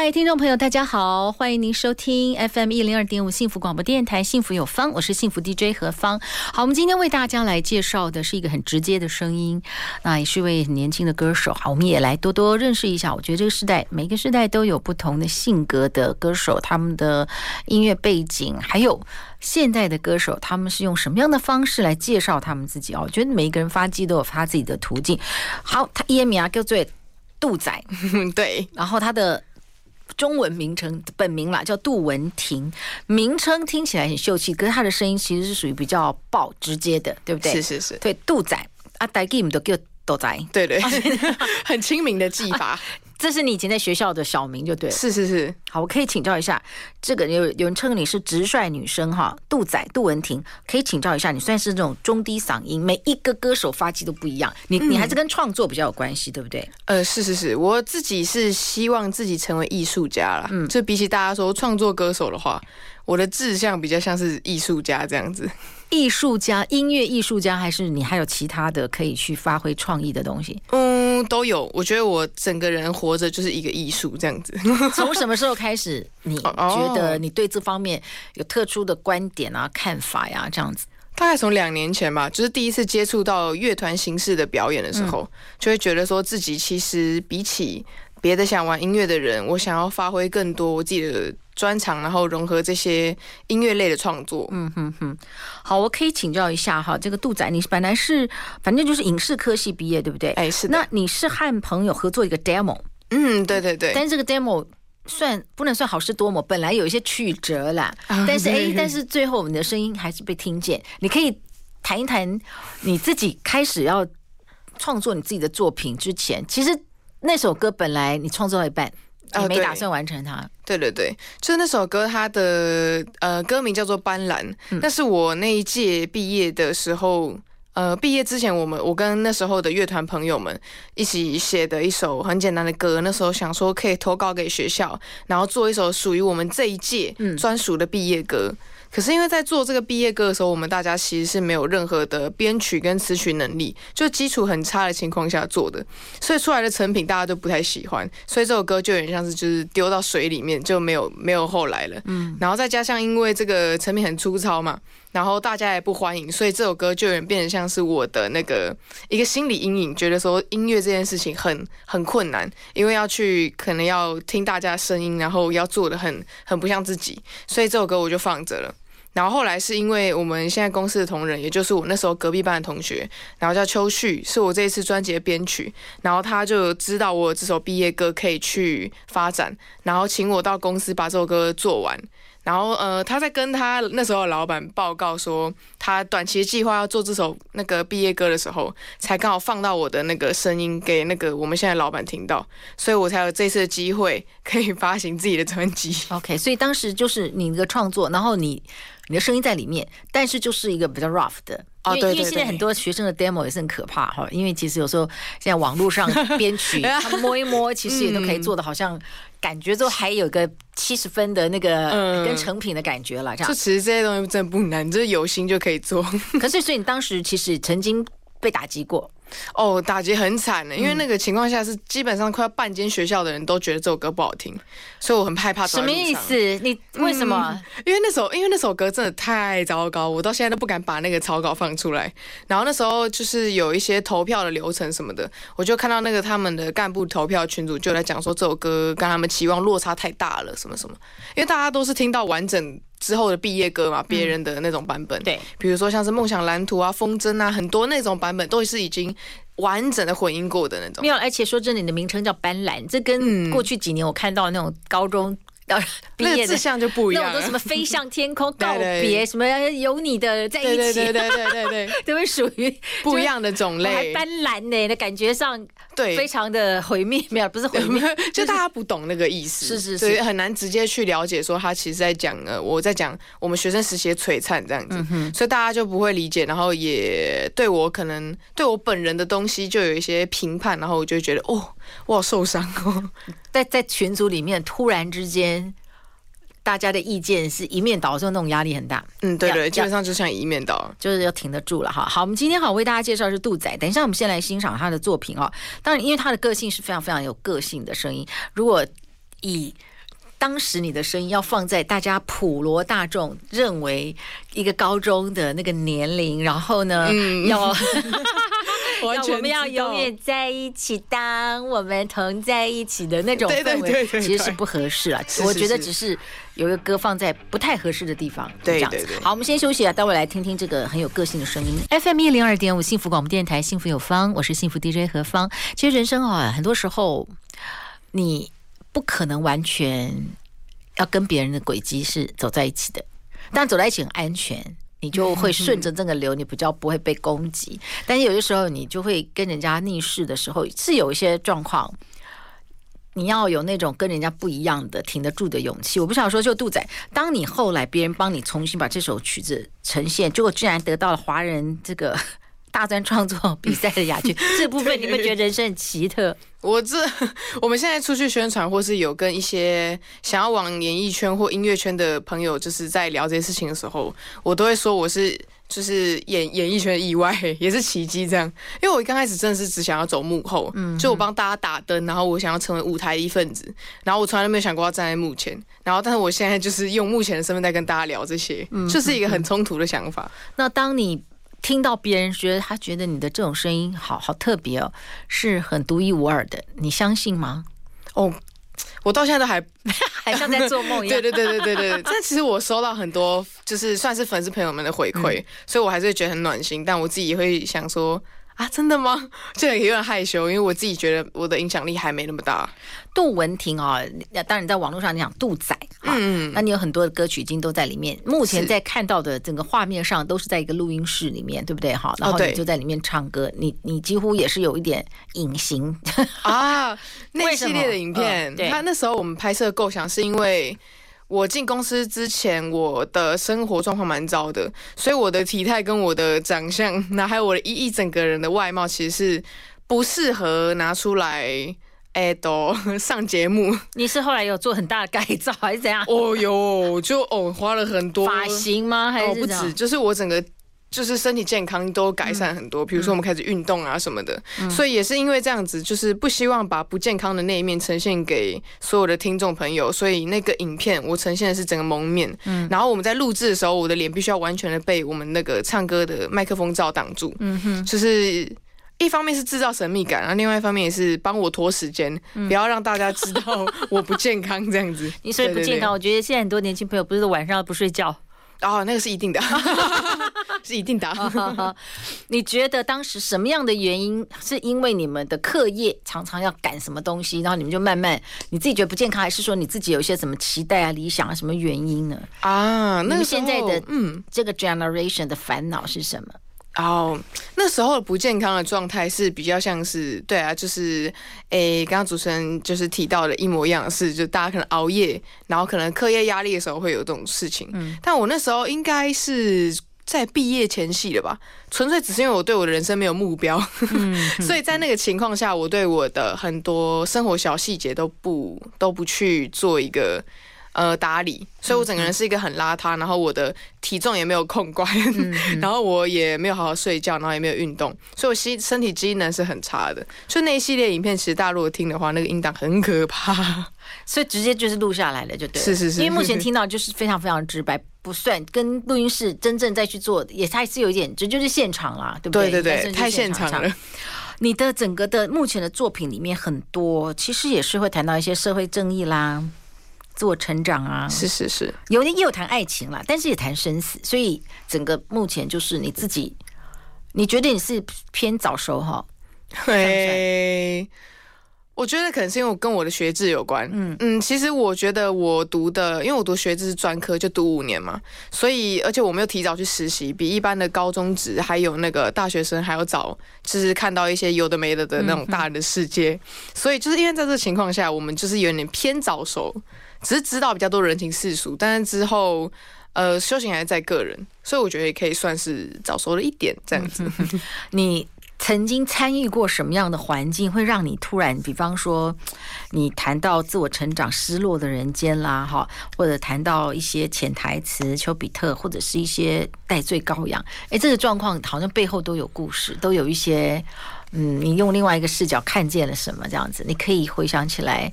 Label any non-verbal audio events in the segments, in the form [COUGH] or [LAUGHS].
嗨，聽眾朋友，大家好，歡迎您收聽 FM 一零二點五幸福廣播電台，幸福有方，我是幸福 DJ 何方。好，我們今天為大家來介紹的是一個很直接的聲音，那也是一位很年輕的歌手。好，我們也來多多認識一下。我覺得這個時代，每個時代都有不同的性格的歌手，他們的音樂背景，還有現代的歌手，他們是用什麼樣的方式來介紹他們自己？哦，我覺得每一個人發跡都有他自己的途徑。好，他名字叫做杜仔，對，然後他的。中文名稱本名啦，叫杜文婷，名稱聽起來很秀氣，可是她的聲音其實是屬於比較爆，直接的，對不對？是是是，對，杜仔啊，大 game 都叫杜仔？對對，對， [LAUGHS] 很親民的技法。 [LAUGHS] 這是你以前在學校的小名就對了，是是是。好，我可以請教一下，這個有有人稱你是直率女生哈，杜仔杜文婷，可以請教一下，你算是那種中低嗓音，每一個歌手發跡都不一樣，你、嗯、你還是跟創作比較有關係，對不對？呃，是是是，我自己是希望自己成為藝術家啦，嗯，就比起大家說創作歌手的話。我的志向比較像是藝術家這樣子，藝術家、音樂藝術家，還是你還有其他的可以去發揮創意的東西？嗯，都有。我覺得我整個人活着就是一個藝術這樣子。從什麼時候開始，你覺得你對這方面有特殊的觀點啊、哦、看法呀、啊？這樣子，大概從兩年前吧，就是第一次接觸到樂團形式的表演的時候、嗯，就會覺得說自己其實比起別的想玩音樂的人，我想要發揮更多我自己的。專長，然後融合這些音樂類的創作。嗯哼哼，好，我可以請教一下哈，這個杜仔，你本來是反正就是影視科系畢業，對不對？哎、欸，是的。那你是和朋友合作一個 demo？嗯，對對對。但這個 demo 算不能算好事多磨，本來有一些曲折啦，啊、但是哎、欸，但是最後你的聲音還是被聽見。你可以談一談你自己開始要創作你自己的作品之前，其實那首歌本來你創作到一半，你沒打算完成它。哦對對對，就是那首歌，它的呃歌名叫做《斑、嗯、斕》，那是我那一屆畢業的時候，呃，畢業之前，我們我跟那時候的樂團朋友們一起寫的一首很簡單的歌。那時候想說可以投稿給學校，然後做一首屬於我們這一屆專屬的畢業歌。嗯可是因為在做這個畢業歌的時候，我們大家其實是沒有任何的編曲跟詞曲能力，就基礎很差的情況下做的，所以出來的成品大家都不太喜歡，所以這首歌就有點像是就是丟到水裡面就沒有沒有後來了，嗯，然後再加上因為這個成品很粗糙嘛。然後大家也不歡迎，所以這首歌就有點變得像是我的那個一個心理陰影，覺得說音樂這件事情很很困難，因為要去可能要聽大家的聲音，然後要做的很很不像自己，所以這首歌我就放着了。然後後來是因為我們現在公司的同仁，也就是我那時候隔壁班的同學，然後叫邱旭，是我這一次專輯的編曲，然後他就知道我這首畢業歌可以去發展，然後請我到公司把這首歌做完。然後，呃，他在跟他那時候老闆報告說，他短期計劃要做這首那個畢業歌的時候，才剛好放到我的那個聲音給那個我們現在老闆聽到，所以我才有這次的機會可以發行自己的專輯。OK，所以當時就是你的創作，然後你。你的聲音在裡面，但是就是一個比較 rough 的哦。因為，對，對，對，因為現在很多學生的 demo 也是很可怕哈，因為其實有時候現在網絡上編曲摸一摸，其實也都可以做的好像感覺都還有個七十分的那個跟成品的感覺了，嗯。這樣。就其實這些東西真的不難，就是有心就可以做。可是，所以你當時其實曾經被打擊過。哦，打擊很慘呢，因為那個情況下是基本上快要半間學校的人都覺得這首歌不好聽，所以我很害怕。什麼意思？你為什麼？嗯，因為那首，因為那首歌真的太糟糕，我到現在都不敢把那個草稿放出來。然後那時候就是有一些投票的流程什麼的，我就看到那個他們的幹部投票群組就來講說，這首歌跟他們期望落差太大了什麼什麼，因為大家都是聽到完整。之後的畢業歌嘛，別人的那種版本，嗯，對，比如說像是《夢想藍圖》啊、《風箏》啊，很多那種版本都是已經完整的混音過的那種。沒有，而且說真的，你的名稱叫《斑斕》，這跟過去幾年我看到的那種高中。畢、啊、業志向、那個、就不一樣，那種都什麼飛向天空 [LAUGHS] 對對對告別，什麼有你的在一起，對對對對對都會屬於不一樣的種類。還斑斕呢、欸，那感覺上對，非常的毀滅對。沒有，不是毀滅對、就是，就大家不懂那個意思，是是是，對很難直接去了解說他其實在講呃，我在講我們學生時期璀璨這樣子、嗯，所以大家就不會理解，然後也對我可能對我本人的東西就有一些評判，然後我就覺得哦。哇，受傷哦！在在群組裡面，突然之間，大家的意見是一面倒，所以那種壓力很大。嗯，對對，基本上就像一面倒，就是要挺得住了哈。好，我們今天好為大家介紹的是杜仔。等一下，我們先來欣賞他的作品哦。當然，因為他的個性是非常非常有個性的聲音。如果以當時你的聲音要放在大家普羅大眾認為一個高中的那個年齡，然後呢，嗯、要。 [LAUGHS] 那我們要永遠在一起，當我們同在一起的那種氛圍， [LAUGHS] 其實是不合適了。是是是，我覺得只是有一個歌放在不太合適的地方，是是是這樣子，對對對。好，我們先休息啊，待會來聽聽這個很有個性的聲音。 [LAUGHS] FM 一零二點五，幸福廣播電台，幸福有方，我是幸福 DJ 何方。其實人生啊，很多時候你不可能完全要跟別人的軌跡是走在一起的，但走在一起很安全。你就會順着這個流，你比較不會被攻擊。但有些時候，你就會跟人家逆勢的時候，是有一些狀況。你要有那種跟人家不一樣的挺得住的勇氣。我不想說就杜仔，當你後來別人幫你重新把這首曲子呈現，結果居然得到了華人這個。大專創作比賽的亞軍，這部分你們覺得人生很奇特？我這我們現在出去宣傳，或是有跟一些想要往演藝圈或音樂圈的朋友，就是在聊這些事情的時候，我都會說，我是就是演演藝圈意外，也是奇蹟這樣。因為我剛開始真的是只想要走幕後，嗯，就我幫大家打燈，然後我想要成為舞台的一份子，然後我從來都沒有想過要站在幕前，然後但是我現在就是用目前的身份在跟大家聊這些，嗯、哼哼，就是一個很衝突的想法。那當你聽到別人覺得他覺得你的這種聲音好好特別哦，是很獨一無二的，你相信嗎？哦、oh,，我到現在都還 [LAUGHS] 還像在做夢一樣。 [LAUGHS] 對，對對對對對對。 [LAUGHS] 但其實我收到很多，就是算是粉絲朋友們的回饋，嗯、所以我還是覺得很暖心。但我自己也會想說。啊，真的嗎？這有點害羞，因為我自己覺得我的影響力還沒那麼大。杜文婷啊、哦，當然你在網絡上你講杜仔，嗯、啊，那你有很多的歌曲已經都在裡面。目前在看到的整個畫面上都是在一個錄音室裡面，對不對？哈，然後你就在裡面唱歌，哦、你你幾乎也是有一點隱形 [LAUGHS] 啊。那一系列的影片，那、哦、那時候我們拍攝的構想是因為。我進公司之前，我的生活狀況蠻糟的，所以我的體態跟我的長相，那還有我的一一整個人的外貌，其實是不適合拿出來，哎都、uh, 上節目。你是後來有做很大的改造，還是怎樣？哦、oh, 喲，就、oh, 哦花了很多髮型嗎？還是、oh, 不止？就是我整個。就是身體健康都改善很多，嗯、比如說我們開始運動啊什麼的、嗯，所以也是因為這樣子，就是不希望把不健康的那一面呈現給所有的聽眾朋友，所以那個影片我呈現的是整個蒙面，嗯、然後我們在錄製的時候，我的臉必須要完全的被我們那個唱歌的麥克風罩擋住，嗯哼，就是一方面是製造神秘感，然後另外一方面也是幫我拖時間、嗯，不要讓大家知道我不健康這樣子。 [LAUGHS] 你所以不，不健康，我覺得現在很多年輕朋友不是晚上不睡覺。哦、oh，那個是一定的， [LAUGHS] 是一定的、啊。Oh, oh, oh. [LAUGHS] 你覺得當時什麼樣的原因，是因為你們的課業常常要趕什麼東西，然後你們就慢慢你自己覺得不健康，還是說你自己有一些什麼期待啊、理想啊，什麼原因呢？啊，你們現在的嗯，這個 generation 的煩惱是什麼？然、oh, 後那時候不健康的狀態是比較像是，對啊，就是，誒、欸，剛剛主持人就是提到的一模一樣的事，就大家可能熬夜，然後可能課業壓力的時候會有這種事情。嗯，但我那時候應該是在畢業前夕的吧，純粹只是因為我對我的人生沒有目標，嗯、哼哼 [LAUGHS] 所以在那個情況下，我對我的很多生活小細節都不都不去做一個。呃，打理，所以我整個人是一個很邋遢，嗯、然後我的體重也沒有控管，嗯、 [LAUGHS] 然後我也沒有好好睡覺，然後也沒有運動，所以我身身體機能是很差的。所以那一系列影片，其實大家如果聽的話，那個音檔很可怕，所以直接就是錄下來了，就對。是是是,是，因為目前聽到就是非常非常直白， [LAUGHS] 不算跟錄音室真正在去做，也還是有一點，這就是現場啦，對不對？對對對，現太現場了。你的整個的目前的作品裡面很多，其實也是會談到一些社會正義啦。做成長啊，是是是，有的也有談愛情了，但是也談生死，所以整個目前就是你自己，你覺得你是偏早熟哈？對，我覺得可能是因為我跟我的學制有關。嗯嗯，其實我覺得我讀的，因為我讀學制是專科，就讀五年嘛，所以而且我沒有提早去實習，比一般的高中職還有那個大學生還要早，就是看到一些有的沒的的那種大人的世界、嗯，所以就是因為在這個情況下，我們就是有點偏早熟。只是知道比較多人情世故，但是之後，呃，修行還是在個人，所以我覺得也可以算是早熟了一點這樣子，嗯。你曾經參與過什麼樣的環境，會讓你突然，比方說，你談到自我成長、失落的人間啦，哈，或者談到一些潛台詞、丘比特，或者是一些戴罪羔羊，哎，欸，這個狀況好像背後都有故事，都有一些，嗯，你用另外一個視角看見了什麼這樣子，你可以回想起來？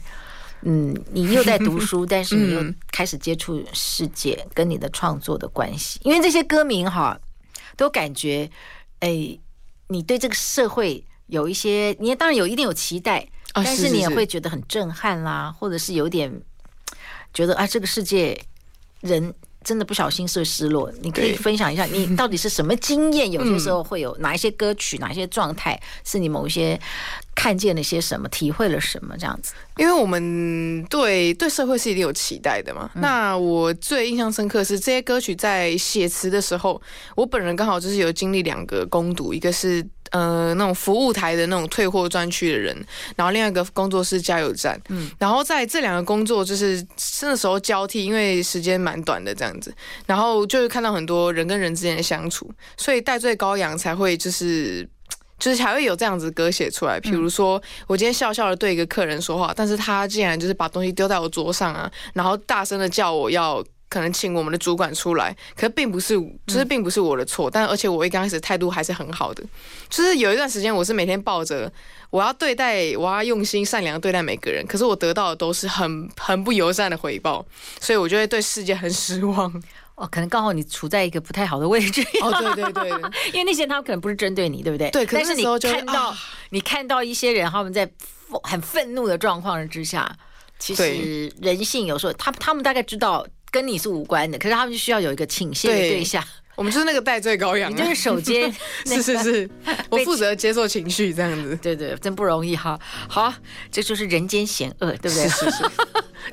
[LAUGHS] 嗯，你又在讀書，但是你又開始接觸世界跟你的創作的關係。 [LAUGHS] 嗯、因為這些歌名哈、啊，都感覺，哎，你對這個社會有一些，你也當然有一定有期待、哦是是是，但是你也會覺得很震撼啦，或者是有點覺得啊，這個世界人。真的不小心會失落，你可以分享一下你到底是什麼經驗？有些時候會有、 [LAUGHS] 嗯、哪一些歌曲，哪一些狀態是你某一些看見了些什麼，體會了什麼這樣子？因為我們對對社會是一定有期待的嘛。嗯、那我最印象深刻的是這些歌曲在寫詞的時候，我本人剛好就是有經歷兩個攻讀，一個是。呃，那種服務台的那種退貨專區的人，然後另外一個工作是加油站，嗯，然後在這兩個工作就是那時候交替，因為時間蠻短的這樣子，然後就是看到很多人跟人之間的相處，所以戴罪羔羊才會就是就是才會有這樣子歌寫出來，譬如說我今天笑笑的對一個客人說話，但是他竟然就是把東西丟在我桌上啊，然後大聲的叫我要。可能請我們的主管出來，可是並不是，就是並不是我的錯，嗯。但而且我一開始態度還是很好的，就是有一段時間我是每天抱着我要對待，我要用心善良對待每個人。可是我得到的都是很很不友善的回報，所以我就會對世界很失望。哦，可能剛好你處在一個不太好的位置，啊，哦，對對對，對， [LAUGHS] 因為那些人他們可能不是針對你，對不對？對。可是，就是你看到，哦，你看到一些人他們在很憤怒的狀況之下，其實人性有時候，他他們大概知道。跟你是無關的，可是他們就需要有一個傾瀉的對象。對我們就是那個代罪羔羊，你就是手接， [LAUGHS] 是是是，我負責接受情緒這樣子，對對、對，真不容易哈、嗯。好、啊，這就是人間險惡，對不對？是是是，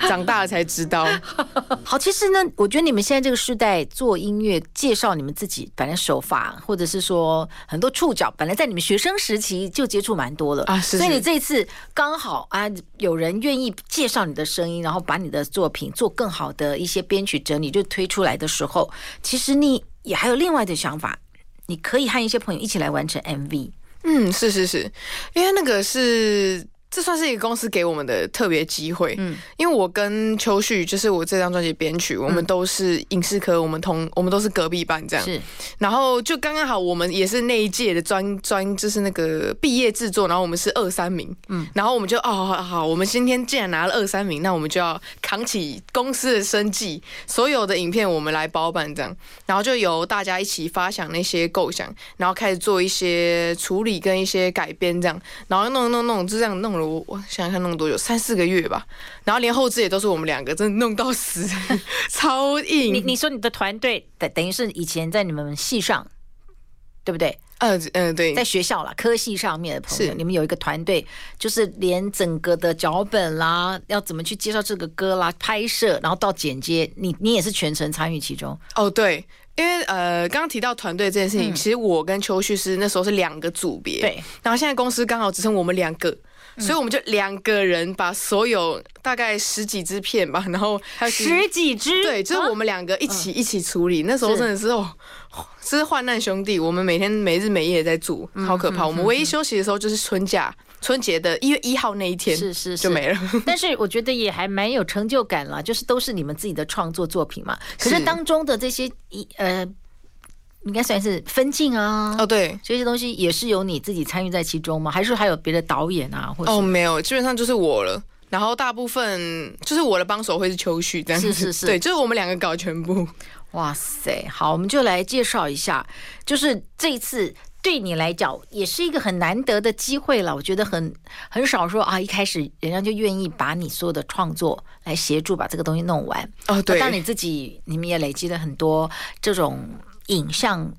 [LAUGHS] 長大了才知道。 [LAUGHS] 好，其實呢，我覺得你們現在這個時代做音樂，介紹你們自己，本來手法或者是說很多觸角，本來在你們學生時期就接觸蠻多了啊，所以你這一次剛好啊，有人願意介紹你的聲音，然後把你的作品做更好的一些編曲整理，你就推出來的時候，其實你。也還有另外的想法，你可以和一些朋友一起來完成 MV。嗯，是是是，因為那個是。這算是一個公司給我們的特別機會，嗯，因為我跟邱旭就是我這張專輯編曲、嗯，我們都是影視科，我們同我們都是隔壁班這樣，是，然後就剛剛好我們也是那一屆的專專，就是那個畢業製作，然後我們是二三名，嗯，然後我們就哦好，好，好，好，我們今天既然拿了二三名，那我們就要扛起公司的生計，所有的影片我們來包辦這樣，然後就由大家一起發想那些構想，然後開始做一些處理跟一些改編這樣，然後弄弄弄，就這樣弄了。我想想看弄多久，三四個月吧。然後連後製也都是我們兩個，真的弄到死，超硬。 [LAUGHS] 你你說你的團隊等等於是以前在你們系上，對不對？呃呃，對，在學校啦，科系上面的朋友，是你們有一個團隊，就是連整個的腳本啦，要怎麼去介紹這個歌啦，拍攝，然後到剪接，你你也是全程參與其中。哦，對，因為呃，剛剛提到團隊這件事情、嗯，其實我跟邱旭是那時候是兩個組別，對。然後現在公司剛好只剩我們兩個。 [NOISE] 所以我們就兩個人把所有大概十幾支片吧，然後還有十幾支，對，嗯、就是我們兩個一起一起處理。嗯、那時候真的是，是哦，這是患難兄弟，我們每天沒日沒夜在做，好可怕、嗯哼哼哼。我們唯一休息的時候就是春假，春節的一月一號那一天，是是是，就沒了。 [LAUGHS] 但是我覺得也還蠻有成就感了，就是都是你們自己的創作作品嘛。可是當中的這些一呃。應該算是分鏡啊，哦對，這些東西也是由你自己參與在其中嗎？還是還有別的導演啊？或者哦沒有，基本上就是我了。然後大部分就是我的幫手會是秋旭，但是是是是，對，就是我們兩個搞全部。哇塞，好，我們就來介紹一下，就是這一次對你來講也是一個很難得的機會了。我覺得很很少說啊，一開始人家就願意把你所有的創作來協助把這個東西弄完哦，對，當你自己你們也累積了很多這種。影像。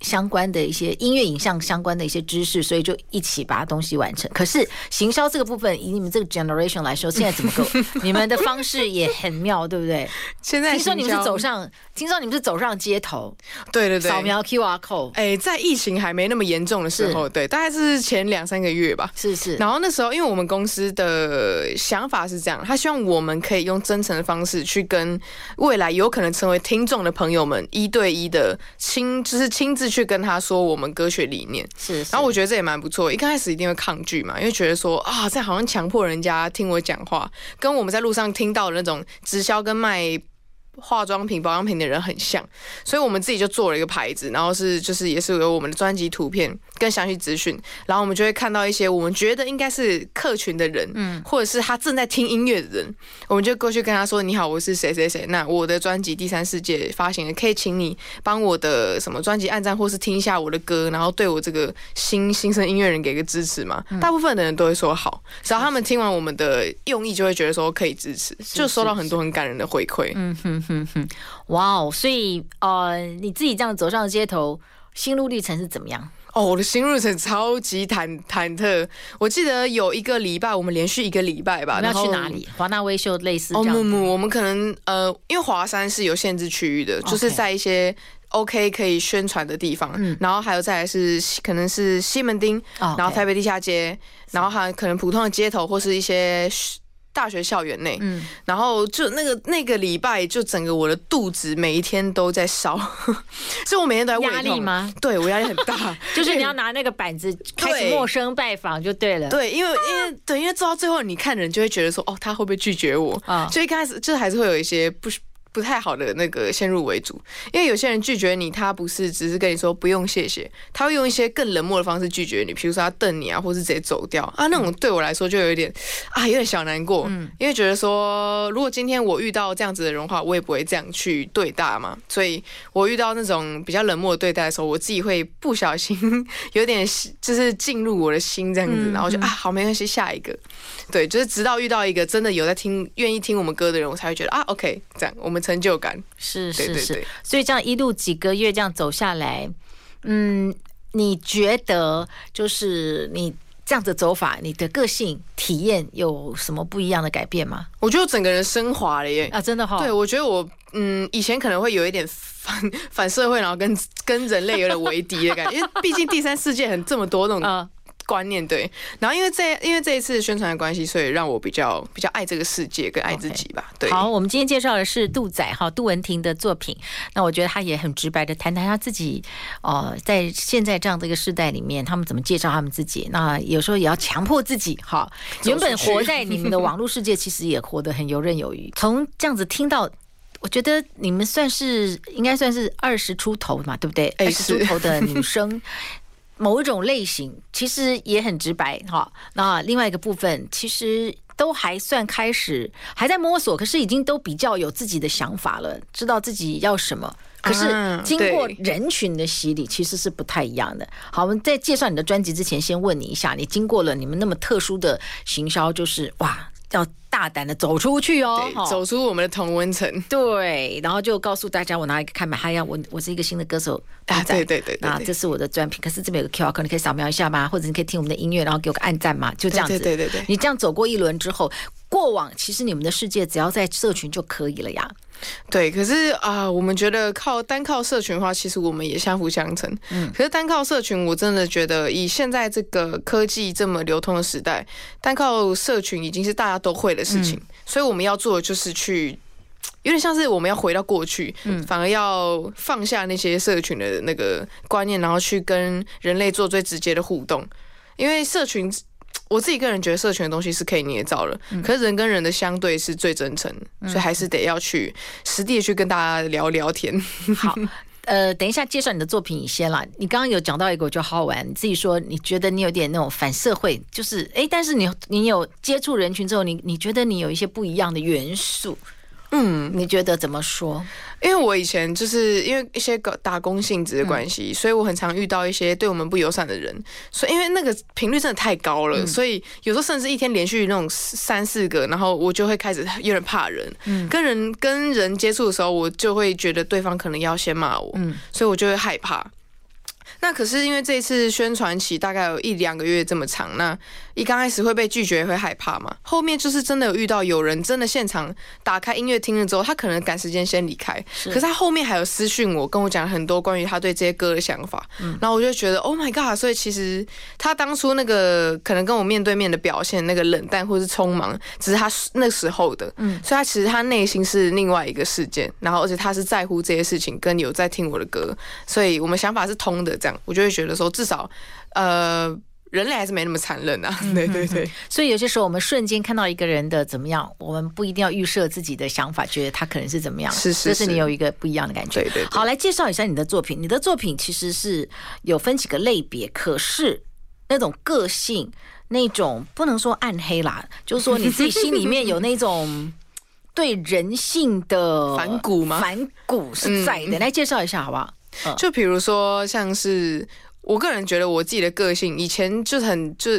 相關的一些音樂影像相關的一些知識，所以就一起把東西完成。可是行銷這個部分，以你們這個 generation 來說，現在怎麼夠？ [LAUGHS] 你們的方式也很妙，對不對？現在聽說你們是走上， [LAUGHS] 聽說你們是走上街頭。對對對，掃描 QR code。哎、欸，在疫情還沒那麼嚴重的時候，對，大概是前兩三個月吧。是是。然後那時候，因為我們公司的想法是這樣，他希望我們可以用真誠的方式去跟未來有可能成為聽眾的朋友們一對一的親，就是親自。去跟他說我們歌曲理念是，是，然後我覺得這也蠻不錯。一開始一定會抗拒嘛，因為覺得說啊、哦，這好像強迫人家聽我講話，跟我們在路上聽到的那種直銷跟賣，化妝品、保養品的人很像，所以我們自己就做了一個牌子，然後是就是也是有我們的專輯圖片跟詳細資訊，然後我們就會看到一些我們覺得應該是客群的人，嗯，或者是他正在聽音樂的人，我們就過去跟他說：“你好，我是誰誰誰，那我的專輯《第三視界》發行了，可以請你幫我的什麼專輯按讚，或是聽一下我的歌，然後對我這個新新生音樂人給個支持嗎？”大部分的人都會說好，只要他們聽完我們的用意，就會覺得說可以支持，就收到很多很感人的回饋。是是是嗯哼。哼、嗯、哼，哇哦！所以呃，你自己這樣走上街頭，心路歷程是怎麼樣？哦，我的心路程超級忐忐忑。我記得有一個禮拜，我們連續一個禮拜吧，要去哪裡？華納威秀類似這樣。哦木木，我們可能呃，因為華山是有限制區域的，okay. 就是在一些 OK 可以宣傳的地方。嗯。然後還有再來是可能是西門町、嗯，然後台北地下街，okay. 然後還有可能普通的街頭或是一些。大學校園內，嗯，然後就那個那個禮拜，就整個我的肚子每一天都在燒， [LAUGHS] 所以我每天都在胃痛。壓力嗎？對，我壓力很大， [LAUGHS] 就是你要拿那個板子開始陌生拜訪就對了。對，對因為因為對，因為做到最後，你看的人就會覺得說，哦，他會不會拒絕我？啊、哦，所以一開始就還是會有一些不。不太好的那個先入為主，因為有些人拒絕你，他不是只是跟你說不用謝謝，他會用一些更冷漠的方式拒絕你，比如說他瞪你啊，或是直接走掉啊。那種對我來說就有點、嗯、啊，有點小難過，嗯、因為覺得說如果今天我遇到這樣子的人的話，我也不會這樣去對待嘛。所以，我遇到那種比較冷漠的對待的時候，我自己會不小心 [LAUGHS] 有點就是進入我的心這樣子，然後就啊，好沒關係，下一個。對，就是直到遇到一個真的有在聽、願意聽我們歌的人，我才會覺得啊，OK，這樣我們。成就感，是是是，對對對。所以這樣一路幾個月這樣走下來，嗯，你覺得就是你這樣子的走法，你的個性體驗有什麼不一樣的改變嗎？我覺得我整個人升華了耶啊，真的哈、哦。對，我覺得我嗯，以前可能會有一點反反社會，然後跟跟人類有點為敵的感覺， [LAUGHS] 因為畢竟第三視界很這麼多那種。啊觀念對，然後因為這因為這一次宣傳的關係，所以讓我比較比較愛這個世界跟愛自己吧。Okay. 對，好，我們今天介紹的是杜仔哈杜文婷的作品，那我覺得他也很直白的談談他自己哦、呃，在現在這樣的一個世代裡面，他們怎麼介紹他們自己？那有時候也要強迫自己哈。原本活在你們的網絡世界，其實也活得很游刃有餘。從 [LAUGHS] 這樣子聽到，我覺得你們算是應該算是二十出頭嘛，對不對？欸、二十出頭的女生。 [LAUGHS] 某一種類型其實也很直白哈。那另外一個部分其實都還算開始還在摸索，可是已經都比較有自己的想法了，知道自己要什麼。可是經過人群的洗禮，其實是不太一樣的。啊、好，我們在介紹你的專輯之前，先問你一下，你經過了你們那麼特殊的行銷，就是哇。要大膽的走出去哦，走出我們的同溫層。哦、對，然後就告訴大家，我拿一個開麥，還要我，我是一個新的歌手大展，啊。對對對，對，對，啊，這是我的專輯。可是這邊有個 QR，可能你可以掃描一下嗎？或者你可以聽我們的音樂，然後給我個按贊嘛，就這樣子。對對，對對對，你這樣走過一輪之後。過往其實你們的世界只要在社群就可以了呀。對，可是啊、呃，我們覺得靠單靠社群的話，其實我們也相輔相成。嗯，可是單靠社群，我真的覺得以現在這個科技這麼流通的時代，單靠社群已經是大家都會的事情。嗯、所以我們要做就是去，有點像是我們要回到過去、嗯，反而要放下那些社群的那個觀念，然後去跟人類做最直接的互動，因為社群。我自己個人覺得社群的東西是可以捏造的。可是人跟人的相對是最真誠、嗯，所以還是得要去實地去跟大家聊聊天、嗯。好，呃，等一下介紹你的作品先啦。你剛剛有講到一個我覺得好好玩，你自己說你覺得你有點那種反社會，就是哎、欸，但是你你有接觸人群之後，你你覺得你有一些不一樣的元素。嗯，你覺得怎麼說？因為我以前就是因為一些打打工性質的關係、嗯，所以我很常遇到一些對我們不友善的人。所以因為那個頻率真的太高了、嗯，所以有時候甚至一天連續那種三四個，然後我就會開始有點怕人。嗯、跟人跟人接觸的時候，我就會覺得對方可能要先罵我、嗯，所以我就會害怕。那可是，因為這一次宣傳期大概有一兩個月這麼長，那一剛開始會被拒絕也會害怕嘛？後面就是真的有遇到有人真的現場打開音樂聽了之後，他可能趕時間先離開，可是他後面還有私訊我，跟我講很多關於他對這些歌的想法。嗯，然後我就覺得 Oh my god！所以其實他當初那個可能跟我面對面的表現那個冷淡或是匆忙、嗯，只是他那時候的，嗯，所以他其實他內心是另外一個世界，然後而且他是在乎這些事情跟你有在聽我的歌，所以我們想法是通的。我就會覺得說，至少，呃，人類還是沒那麼殘忍啊，對對對嗯嗯，所以有些時候我們瞬間看到一個人的怎麼樣，我們不一定要預設自己的想法，覺得他可能是怎麼樣。是是是，這是你有一個不一樣的感覺。對對,對，好，來介紹一下你的作品。你的作品其實是有分幾個類別，可是那種個性，那種不能說暗黑啦， [LAUGHS] 就是說你自己心裡面有那種對人性的反骨嗎？反骨是在的，嗯、來介紹一下好不好？就比如說，像是我個人覺得我自己的個性，以前就很就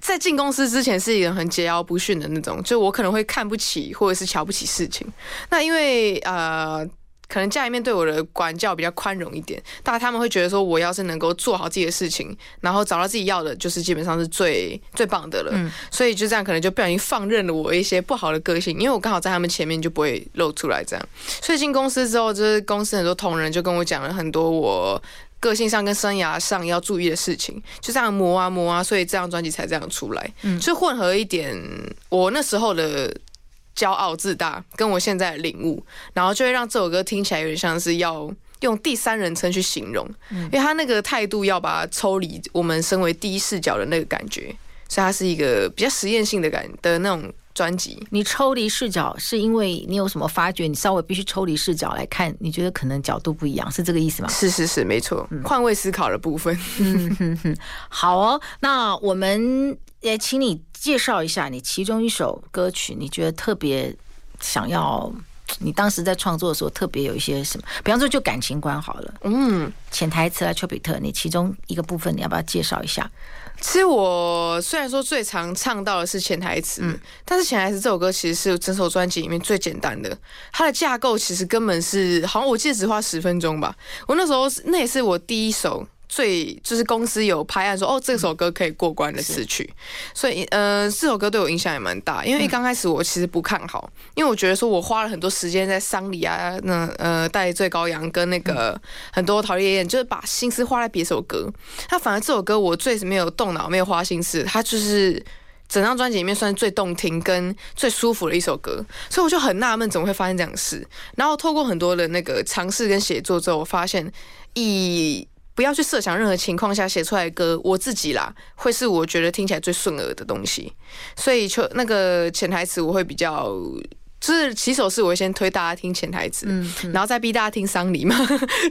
在進公司之前是一個很桀驁不馴的那種，就我可能會看不起或者是瞧不起事情。那因為呃。可能家裡面對我的管教比較寬容一點，但他們會覺得說，我要是能夠做好自己的事情，然後找到自己要的，就是基本上是最最棒的了。嗯，所以就這樣，可能就不小心放任了我一些不好的個性，因為我剛好在他們前面就不會露出來這樣。所以進公司之後，就是公司很多同仁就跟我講了很多我個性上跟生涯上要注意的事情，就這樣磨啊磨啊，所以這張專輯才這樣出來。嗯，所以混合一點我那時候的。驕傲自大，跟我現在領悟，然後就會讓這首歌聽起來有點像是要用第三人稱去形容，嗯，因為他那個態度要把他抽離我們身為第一視角的那個感覺，所以他是一個比較實驗性的感的那種專輯。你抽離視角是因為你有什麼發覺？你稍微必須抽離視角來看，你覺得可能角度不一樣，是這個意思嗎？是是是，沒錯，嗯，換位思考的部分、 [LAUGHS] 嗯嗯嗯。好哦，那我們。也請你介紹一下你其中一首歌曲，你覺得特別想要，你當時在創作的時候特別有一些什麼？比方說就感情觀好了，嗯，潛台詞啊，丘比特，你其中一個部分你要不要介紹一下？其實我雖然說最常唱到的是潛台詞，嗯，但是潛台詞這首歌其實是整首專輯裡面最簡單的，它的架構其實根本是好像我記得只花十分鐘吧，我那時候那也是我第一首。最就是公司有拍案說，哦，這首歌可以過關的詞曲，所以呃這首歌對我影響也蠻大，因為一剛開始我其實不看好、嗯，因為我覺得說我花了很多時間在桑里啊，那呃帶最高陽跟那個很多桃爺爺就是把心思花在別首歌，它反而這首歌我最沒有動腦，沒有花心思，它就是整張專輯裡面算是最動聽跟最舒服的一首歌，所以我就很納悶怎麼會發生這樣的事，然後透過很多的那個嘗試跟寫作之後，我發現一不要去設想任何情況下寫出來歌，我自己啦，會是我覺得聽起來最順耳的東西。所以，就那個潛台詞，我會比較。就是起手式，我會先推大家聽潛台詞、嗯，嗯，然後再逼大家聽喪禮嘛，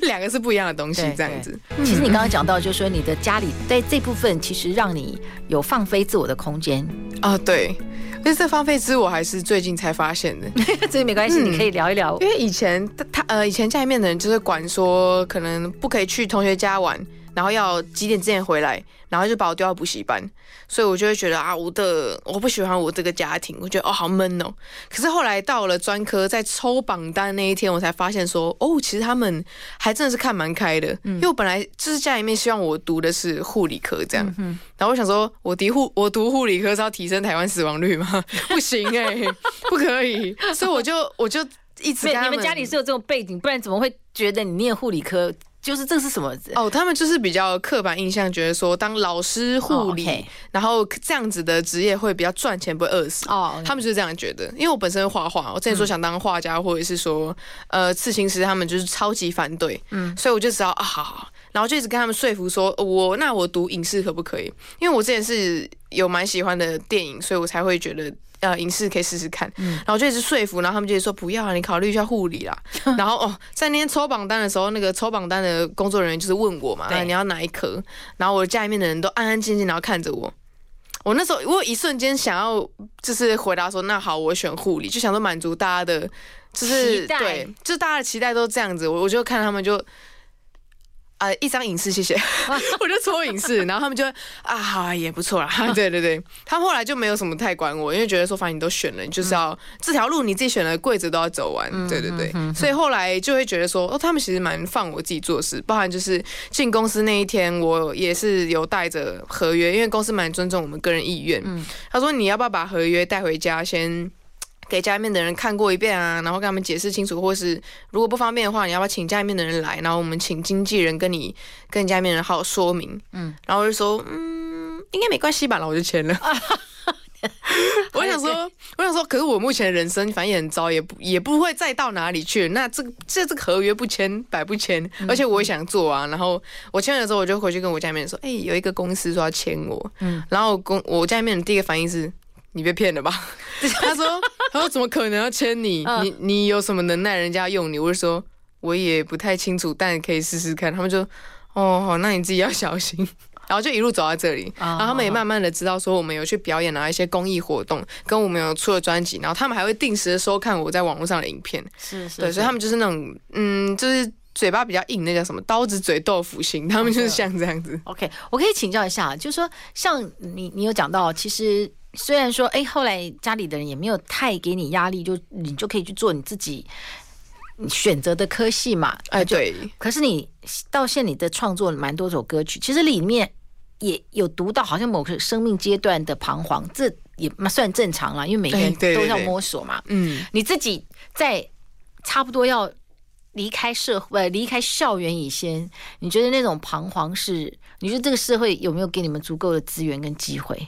兩 [LAUGHS] 個是不一樣的東西，這樣子。對對對，嗯、其實你剛剛講到，就是說你的家裡在這部分，其實讓你有放飛自我的空間啊、哦，對。可是這放飛自我還是最近才發現的， [LAUGHS] 所以沒關係、嗯，你可以聊一聊。因為以前他呃，以前家裡面的人就是管說，可能不可以去同學家玩。然後要幾點之前回來，然後就把我丟到補習班，所以我就會覺得啊，我的我不喜歡我這個家庭，我覺得哦好悶哦。可是後來到了專科，在抽榜單那一天，我才發現說哦，其實他們還真的是看蠻開的，因為我本來就是家裡面希望我讀的是護理科這樣。嗯、然後我想說，我讀護，我讀護理科是要提升台灣死亡率嗎？ [LAUGHS] 不行哎、欸，不可以。 [LAUGHS] 所以我就我就一直。沒，你們家裡是有這種背景，不然怎麼會覺得你念護理科？就是這是什麼哦？Oh, 他們就是比較刻板印象，覺得說當老師、護理，oh, okay. 然後這樣子的職業會比較賺錢，不會餓死。哦、oh, okay. 他們就是這樣覺得。因為我本身畫畫，我之前說想當畫家，嗯、或者是說呃刺青師，他們就是超級反對。嗯，所以我就知道啊好好，然後就一直跟他們說服說，說我那我讀影視可不可以？因為我之前是有蠻喜歡的電影，所以我才會覺得。呃，影視可以試試看，然後就一直說服，然後他們就一直說不要啊，你考慮一下護理啦。 [LAUGHS] 然後哦，在那天抽榜單的時候，那個抽榜單的工作人員就是問我嘛，啊、你要哪一科？然後我家裡面的人都安安靜靜，然後看着我。我那時候我有一瞬間想要就是回答說，那好，我選護理，就想說滿足大家的，就是對，就大家的期待都這樣子。我我就看他們就。啊、一張影視，謝謝， [LAUGHS] 我就抽影視，然後他們就啊，好啊，也不錯啦，對對對，他們後來就沒有什麼太管我，因為覺得說反正你都選了，你就是要、嗯、這條路你自己選了，跪着都要走完，對對對、嗯哼哼，所以後來就會覺得說，哦，他們其實蠻放我自己做事，包含就是進公司那一天，我也是有帶着合約，因為公司蠻尊重我們個人意願、嗯，他說你要不要把合約帶回家先。給家裡面的人看過一遍啊，然後跟他們解釋清楚，或是如果不方便的話，你要不要請家裡面的人來，然後我們請經紀人跟你跟家裡面人好好說明。嗯，然後我就說，嗯，應該沒關係吧，然後我就簽了。 [LAUGHS] [LAUGHS] 我想說，我想說，可是我目前的人生反應很糟，也不也不會再到哪裡去。那這這這個合約不簽白不簽、嗯，而且我也想做啊。然後我簽了之後，我就回去跟我家裡面說，哎、欸，有一個公司說要簽我。嗯，然後公我家裡面第一個反應是。你被騙了吧？ [LAUGHS] 他說，他說怎麼可能要簽你？Uh, 你你有什麼能耐？人家用你？我就說，我也不太清楚，但可以試試看。他們就，哦，好，那你自己要小心。然後就一路走到這裡。Uh -huh. 然後他們也慢慢的知道，說我們有去表演哪、啊、一些公益活動，跟我們有出了專輯。然後他們還會定時的收看我在網絡上的影片。是是,是。對，所以他們就是那種，嗯，就是嘴巴比較硬，那叫什麼？刀子嘴豆腐心。他們就是像這樣子。OK，, okay. 我可以請教一下，就是說，像你，你有講到，其實。雖然說，哎、欸，後來家裡的人也沒有太給你壓力，就你就可以去做你自己選擇的科系嘛。哎，對。可是你到現在，你的創作蠻多首歌曲，其實裡面也有讀到，好像某個生命階段的彷徨，這也算正常了，因為每個人都要摸索嘛。嗯，你自己在差不多要離開社會、離開校園以前，你覺得那種彷徨是？你覺得這個社會有沒有給你們足夠的資源跟機會？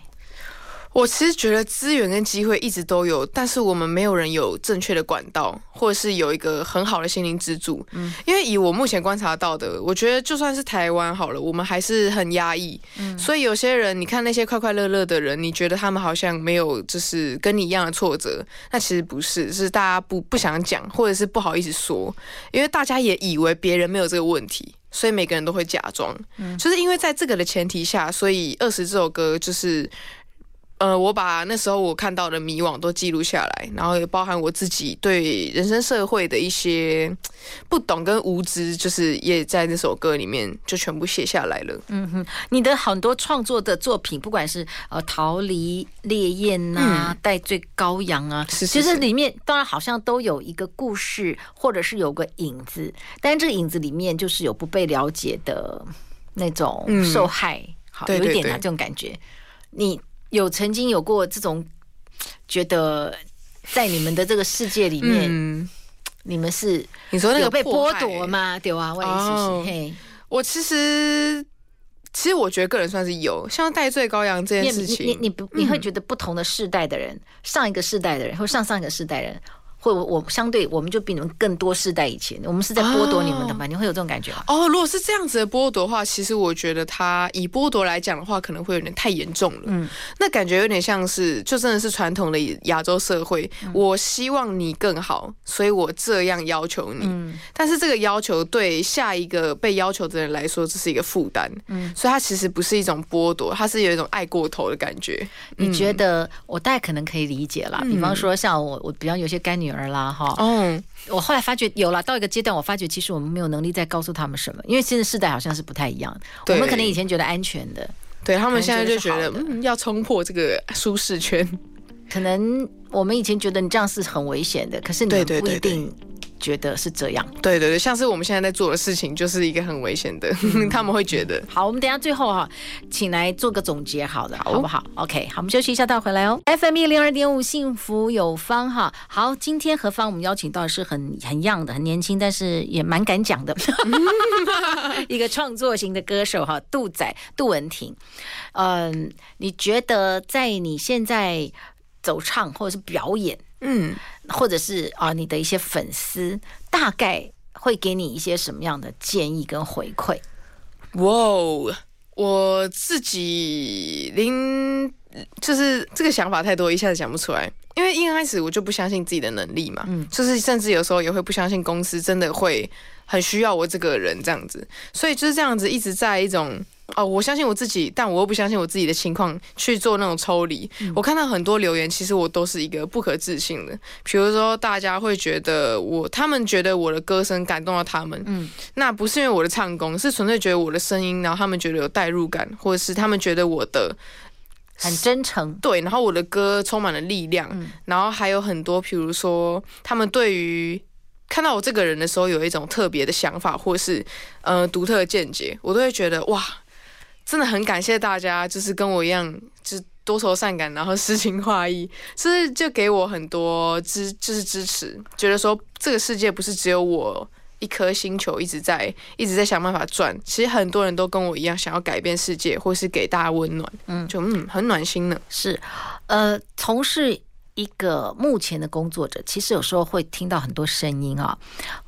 我其實覺得資源跟機會一直都有，但是我們沒有人有正確的管道，或者是有一個很好的心靈支柱。嗯，因為以我目前觀察到的，我覺得就算是台灣好了，我們還是很壓抑。嗯，所以有些人，你看那些快快樂樂的人，你覺得他們好像沒有，就是跟你一樣的挫折，那其實不是，是大家不不想講，或者是不好意思說，因為大家也以為別人沒有這個問題，所以每個人都會假裝。嗯，就是因為在這個的前提下，所以《二十》這首歌就是。呃，我把那時候我看到的迷惘，都記錄下來，然後也包含我自己對人生、社會的一些不懂跟無知，就是也在那首歌裡面就全部寫下來了。嗯哼，你的很多創作的作品，不管是呃逃離烈焰啊、帶、嗯、罪羔羊啊，是是是，其實裡面當然好像都有一個故事，或者是有個影子，但是這個影子裡面就是有不被了解的那種受害，嗯、好對對對，有一點、啊、這種感覺，你。有曾經有過這種覺得，在你們的這個世界裡面、嗯，你們是、嗯、你說那個被剝奪嗎？對啊，我一，是、哦。嘿，我其實其實我覺得個人算是有，像戴罪羔羊這件事情，你你不你，你，你會覺得不同的世代的人、嗯，上一個世代的人，或上上一個世代的人。或我相對，我們就比你們更多世代以前，我們是在剝奪你們的嘛、哦？你會有這種感覺嗎？哦，如果是這樣子的剝奪的話，其實我覺得它以剝奪來講的話，可能會有點太嚴重了。嗯，那感覺有點像是，就真的是傳統的亞洲社會、嗯。我希望你更好，所以我這樣要求你。嗯，但是這個要求對下一個被要求的人來說，這是一個負擔。嗯，所以它其實不是一種剝奪，它是有一種愛過頭的感覺。你覺得、嗯、我大概可能可以理解啦、嗯。比方說，像我，我比方有些乾女。女兒啦，哈，嗯，Oh，我後來發覺有了到一個階段，我發覺其實我們沒有能力再告訴他們什麼，因為現在世代好像是不太一樣，我們可能以前覺得安全的，對，可能覺得是好的。對，他們現在就覺得嗯，要衝破這個舒適圈，可能我們以前覺得你這樣是很危險的，可是你們不一定。對對對對。覺得是這樣，對對對，像是我們現在在做的事情，就是一個很危險的、嗯，他們會覺得。好，我們等一下最後哈、啊，請來做個總結好了，好的，好不好？OK，好，我們休息一下，再回來哦。FM 一零二點五，幸福有方哈。好，今天何方我們邀請到的是很很 young 的，很年輕，但是也蠻敢講的， [LAUGHS] [LAUGHS] 一個創作型的歌手哈，杜仔杜文婷。嗯，你覺得在你現在走唱或者是表演，嗯？或者是啊，你的一些粉絲大概會給你一些什麼樣的建議跟回饋？哇哦，我自己零就是這個想法太多，一下子講不出來。因為一開始我就不相信自己的能力嘛，嗯，就是甚至有時候也會不相信公司真的會很需要我這個人這樣子，所以就是這樣子一直在一種。哦，我相信我自己，但我又不相信我自己的情況去做那種抽離。嗯。我看到很多留言，其實我都是一個不可置信的。比如說，大家會覺得我，他們覺得我的歌聲感動了他們，嗯，那不是因為我的唱功，是純粹覺得我的聲音，然後他們覺得有代入感，或者是他們覺得我的很真誠，對，然後我的歌充滿了力量。嗯，然後還有很多，比如說他們對於看到我這個人的時候，有一種特別的想法，或是呃獨特的見解，我都會覺得哇。真的很感謝大家，就是跟我一樣，就是多愁善感，然後詩情畫意，所以就給我很多支，就是支持。覺得說這個世界不是只有我一顆星球一直在一直在想辦法轉，其實很多人都跟我一樣，想要改變世界，或是給大家溫暖。嗯，就嗯，很暖心呢。是，呃，從事一個目前的工作者，其實有時候會聽到很多聲音啊、哦，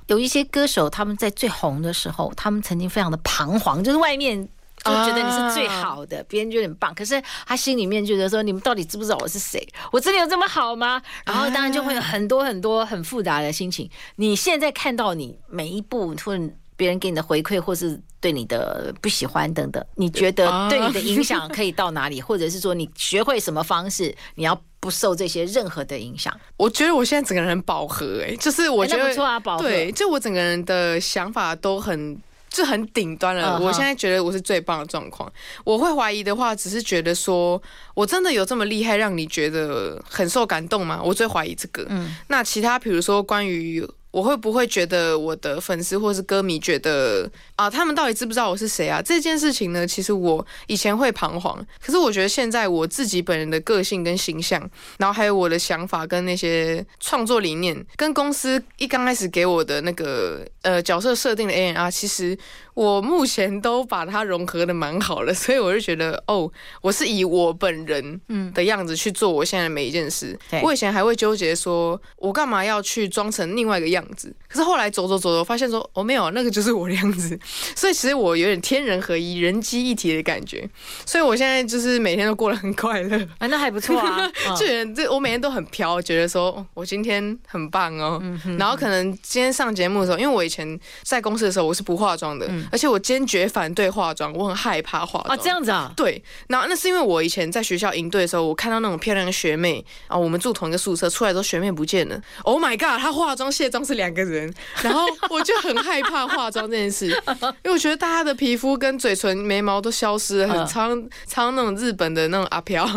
有一些歌手他們在最紅的時候，他們曾經非常的彷徨，就是外面。就覺得你是最好的，別、啊、人覺得很棒。可是他心裡面覺得說，你們到底知不知道我是誰？我真的有這麼好嗎？然後當然就會有很多很多很複雜的心情。啊、你現在看到你每一步，突然別人給你的回饋，或是對你的不喜歡等等，你覺得對你的影響可以到哪裡？啊、或者是說，你學會什麼方式， [LAUGHS] 你要不受這些任何的影響？我覺得我現在整個人很飽和、欸，哎，就是我覺得、欸、不錯啊，飽和對。就我整個人的想法都很。這很頂端了。Uh-huh. 我現在覺得我是最棒的狀況。我會懷疑的話，只是覺得說，我真的有這麼厲害，讓你覺得很受感動嗎？我最懷疑這個。Uh-huh. 那其他比如說關於。我會不會覺得我的粉絲或是歌迷覺得啊，他們到底知不知道我是誰啊？這件事情呢，其實我以前會彷徨，可是我覺得現在我自己本人的個性跟形象，然後還有我的想法跟那些創作理念，跟公司一剛開始給我的那個呃角色設定的 A&R，其實。我目前都把它融合的蠻好了，所以我就覺得哦，我是以我本人的樣子去做我現在的每一件事。嗯、我以前還會糾結說，我幹嘛要去裝成另外一個樣子？可是後來走走走走，發現說，哦，沒有，那個就是我的樣子。所以其實我有點天人合一、人機一體的感覺。所以我現在就是每天都過得很快樂。啊，那還不錯啊！這人這我每天都很飄，覺得說、哦，我今天很棒哦。嗯哼、然後可能今天上節目的時候，因為我以前在公司的時候我是不化妝的。嗯而且我堅決反對化妝，我很害怕化妝。啊，這樣子啊？對，然後，那是因為我以前在學校營隊的時候，我看到那種漂亮的學妹啊，我們住同一個宿舍，出來之後學妹不見了。Oh my god，她化妝卸妝是兩個人， [LAUGHS] 然後我就很害怕化妝這件事， [LAUGHS] 因為我覺得大家的皮膚跟嘴唇、眉毛都消失了，很蒼蒼那種日本的那種阿飄，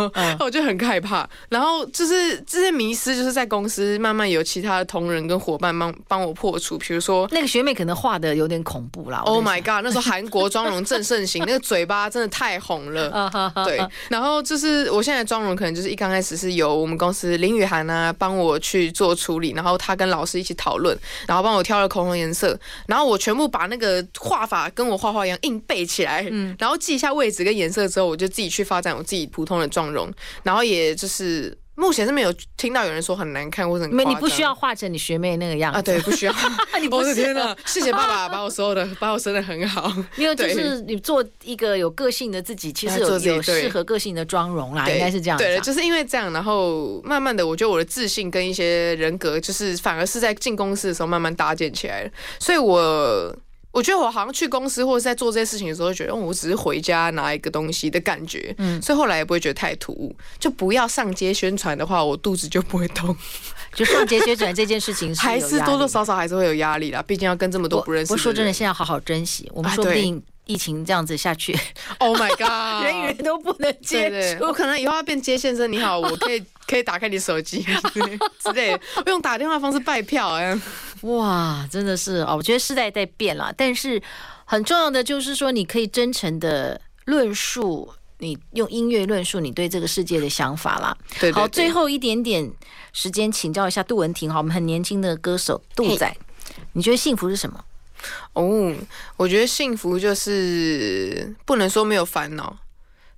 [LAUGHS] 我就很害怕。然後就是這些迷思，就是在公司慢慢有其他的同仁跟夥伴幫幫我破除。比如說那個學妹可能畫得有點恐怖啦。Oh my。Oh my God，那時候韓國妝容正盛行， [LAUGHS] 那個嘴巴真的太紅了。Oh, oh, oh, oh. 對，然後就是我現在妝容可能就是一剛開始是由我們公司林雨涵呢幫我去做處理，然後她跟老師一起討論，然後幫我挑了口紅顏色，然後我全部把那個畫法跟我畫畫一樣硬背起來。嗯，然後記一下位置跟顏色之後，我就自己去發展我自己普通的妝容，然後也就是。目前是沒有聽到有人說很難看或者沒，你不需要化成你學妹那個樣子啊，對，不需要。我 [LAUGHS] 的、哦、天哪、啊！ [LAUGHS] 謝謝爸爸，把我收的， [LAUGHS] 把我生的很好。因為就是你做一個有個性的自己，其實有有適合個性的妝容啦，應該是這樣。對，對了，就是因為這樣，然後慢慢的，我覺得我的自信跟一些人格，就是反而是在進公司的時候慢慢搭建起來，所以我。我覺得我好像去公司或者是在做這些事情的時候，覺得我只是回家拿一個東西的感覺、嗯，所以後來也不會覺得太突兀。就不要上街宣傳的話，我肚子就不會痛。就上街宣傳這件事情，還是多多少少還是會有壓力啦。畢竟要跟這麼多不認識的人，我說真的，現在要好好珍惜，我們說不定疫情這樣子下去、哎、，Oh my God， [LAUGHS] 人與人都不能接觸。我可能以後要變接線生，你好，我可以可以打開你手機之類的，用打電話方式賣票哎。哇，真的是哦，我覺得時代在變了，但是很重要的就是說，你可以真誠的論述，你用音樂論述你對這個世界的想法啦。對，對，對，好，最後一點點時間，請教一下杜文婷哈，我們很年輕的歌手杜仔，你覺得幸福是什麼？哦，我覺得幸福就是不能說沒有煩惱。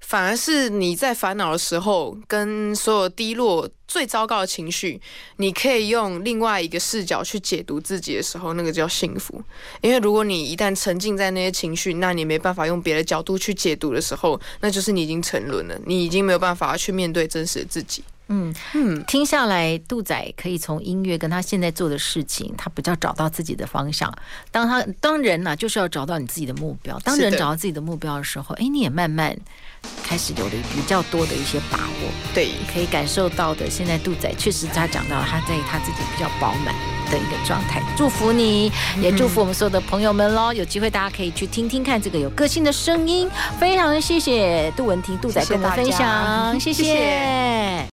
反而是你在煩惱的時候，跟所有低落最糟糕的情緒，你可以用另外一個視角去解讀自己的時候，那個叫幸福。因為如果你一旦沉浸在那些情緒，那你沒辦法用別的角度去解讀的時候，那就是你已經沉淪了，你已經沒有辦法去面對真實的自己。嗯嗯，聽下來，杜仔可以從音樂跟他現在做的事情，他比較找到自己的方向。當他當人呢、啊，就是要找到你自己的目標。當人找到自己的目標的時候，哎、欸，你也慢慢開始有了比較多的一些把握。對，可以感受到的。現在杜仔確實他講到他在他自己比較飽滿的一個狀態。祝福你也祝福我們所有的朋友們嘍、嗯！有機會大家可以去聽聽看這個有個性的聲音。非常的謝謝杜文婷、杜仔跟我們分享，謝謝。謝謝 [LAUGHS]